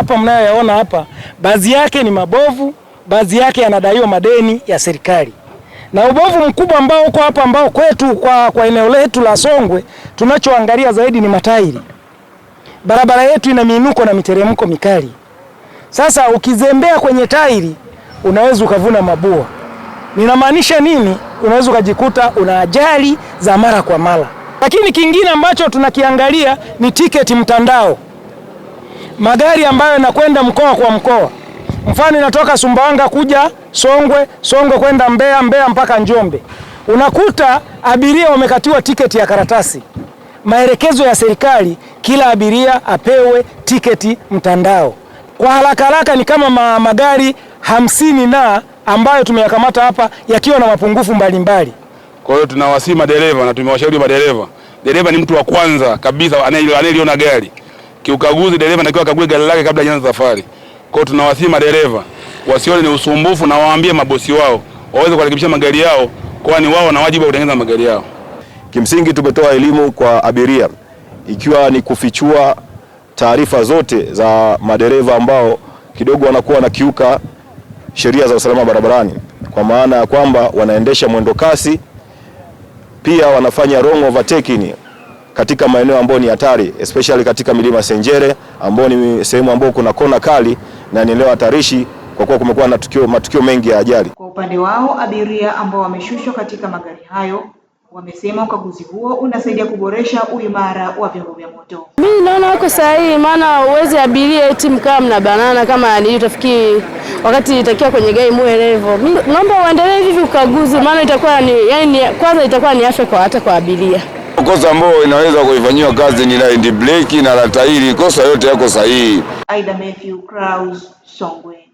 Hapa mnayoyaona hapa, baadhi yake ni mabovu, baadhi yake yanadaiwa madeni ya serikali, na ubovu mkubwa ambao uko hapa ambao kwetu kwa, kwa eneo letu la Songwe tunachoangalia zaidi ni matairi. Barabara yetu ina miinuko na miteremko mikali. Sasa ukizembea kwenye tairi unaweza ukavuna mabua. Ninamaanisha nini? Unaweza ukajikuta una ajali za mara kwa mara. Lakini kingine ambacho tunakiangalia ni tiketi mtandao magari ambayo yanakwenda mkoa kwa mkoa, mfano inatoka Sumbawanga kuja Songwe, Songwe kwenda Mbeya, Mbeya mpaka Njombe, unakuta abiria wamekatiwa tiketi ya karatasi. Maelekezo ya serikali, kila abiria apewe tiketi mtandao. Kwa haraka haraka ni kama ma magari hamsini na ambayo tumeyakamata hapa yakiwa na mapungufu mbalimbali. Kwa hiyo tunawasii madereva na tumewashauri madereva, dereva ni mtu wa kwanza kabisa anayeliona gari Kiukaguzi dereva anatakiwa akague gari lake kabla hajaanza safari. Kwa hiyo tunawasihi madereva wasione ni usumbufu, na waambie mabosi wao waweze kurekebisha magari yao, kwani wao wana wajibu wa kutengeneza magari yao. Kimsingi tumetoa elimu kwa abiria ikiwa ni kufichua taarifa zote za madereva ambao kidogo wanakuwa wanakiuka sheria za usalama barabarani, kwa maana ya kwamba wanaendesha mwendo kasi, pia wanafanya wrong overtaking katika maeneo ambayo ni hatari especially katika milima Senjere ambayo ni sehemu ambayo kuna kona kali na ni eneo hatarishi kwa kuwa kumekuwa na tukio, matukio mengi ya ajali. Kwa upande wao abiria ambao wameshushwa katika magari hayo wamesema ukaguzi huo unasaidia kuboresha uimara wa vyombo vya moto. Mimi naona wako sahihi, maana uwezi abiria eti mkaa mna banana kama ni utafikiri wakati itakiwa kwenye gari muwe levo. Mimi naomba uendelee hivi ukaguzi, maana itakuwa ni yani, kwanza itakuwa ni afya kwa hata kwa abiria makosa ambayo inaweza kuifanyiwa kazi ni laini breki na la tairi. Kosa yote yako sahihi. Aida Matthew Kraus, Songwe.